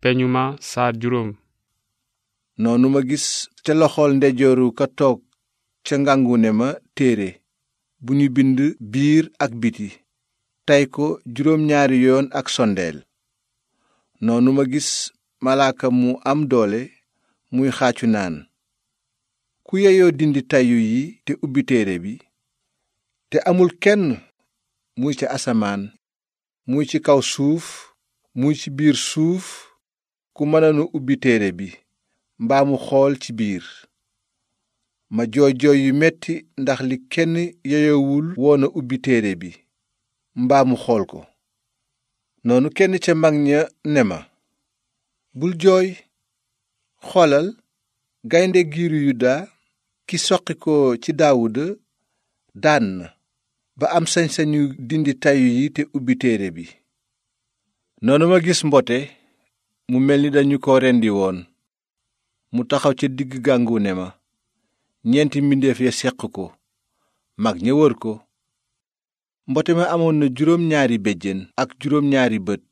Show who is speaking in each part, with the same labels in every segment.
Speaker 1: peñu ma saar noonu ma gis ca loxol ndejooru ko toog ca ngàngune ma téere bu ñu bind biir ak biti tey ko juróom ñaari yoon ak sondeel noonu ma gis malaaka mu am doole muy xàccu naan ku yeyoo dindi tayu yi te ubbi téere bi te amul kenn muy ca asamaan muy ci kaw suuf muy ci biir suuf ku mënanu ubbi téere bi mbaa mu xool ci biir ma jooy jooy yu metti ndax li kenn yeyowul woona a ubbi téere bi mbaa mu xool ko noonu kenn ca mag ña ne ma bul jooy xoolal gaynde giiru yuda ki soqi ko ci daawuda daan na ba am sañ-sañu dindi tayu yi te ubbi téere bi noonu ma gis mbote mu mel ni dañu ko rendi woon mu taxaw ca digg gàngune ma ñeenti mbindeef ya seq ko mag ña wër ko mbote ma amoon na juróom ñaari béjjén ak juróom ñaari bët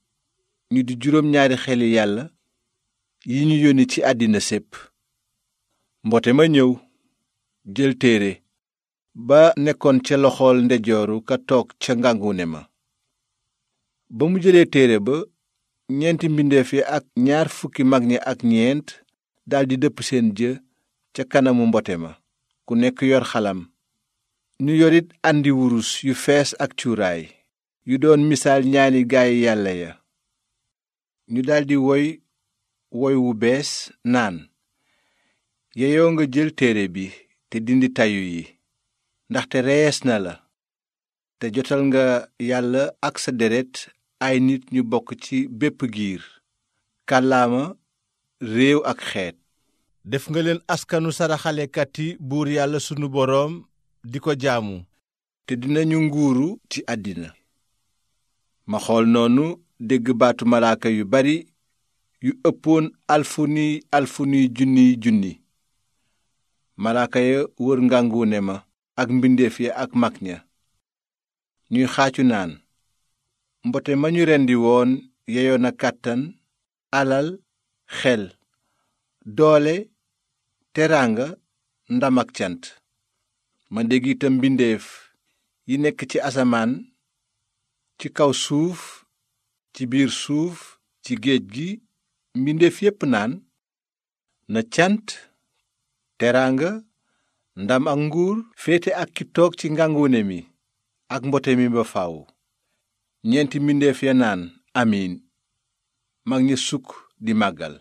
Speaker 1: ñu di juróom ñaari xeli yàlla yi ñu yónni ci àddina sépp mbote ma ñëw jël téere ba nekkoon ca loxool ndejooru ka toog ca ngàngune ma ba mu jëlee téere ba ñeenti mbindeef yi ak ñaar fukki mag ñi ak ñeent daldi dëpp seen jë ca kanamu mbote ma ku nekk yor xalam ñu yorit àndi wurus yu fees ak cuuraay yu doon misaal ñaani gaay yàlla ya ñu daldi woy woy wu bees naan yeyoo nga jël téere bi te dindi tayu yi ndaxte rees na la te jotal nga yàlla ak sa deret ay nit ñu bokk ci bépp giir kàllaama réew ak xeet def nga leen askanu saraxalekat buur yàlla sunu boroom di ko jaamu te dinañu nguuru ci àddina ma xool noonu dégg baatu malaaka yu bari yu ëppoon alfuni alfuni junniy junni malaaka ya wër ngànguune ma ak mbindeef ya ak mag ña ñuy xaacu naan mbote ma ñu rendi woon yeyoon kàttan alal xel doole teraanga ndam ak cant ma dégg itam mbindeef yi nekk ci asamaan ci kaw suuf ci biir suuf ci géej gi mbindeef yépp naan na cant teraanga ndam ak nguur féete ak ki toog ci ngàngune mi ak mbote mi ba faaw ñeenti mbindeef ya naan amiin mag ña sukk di màggal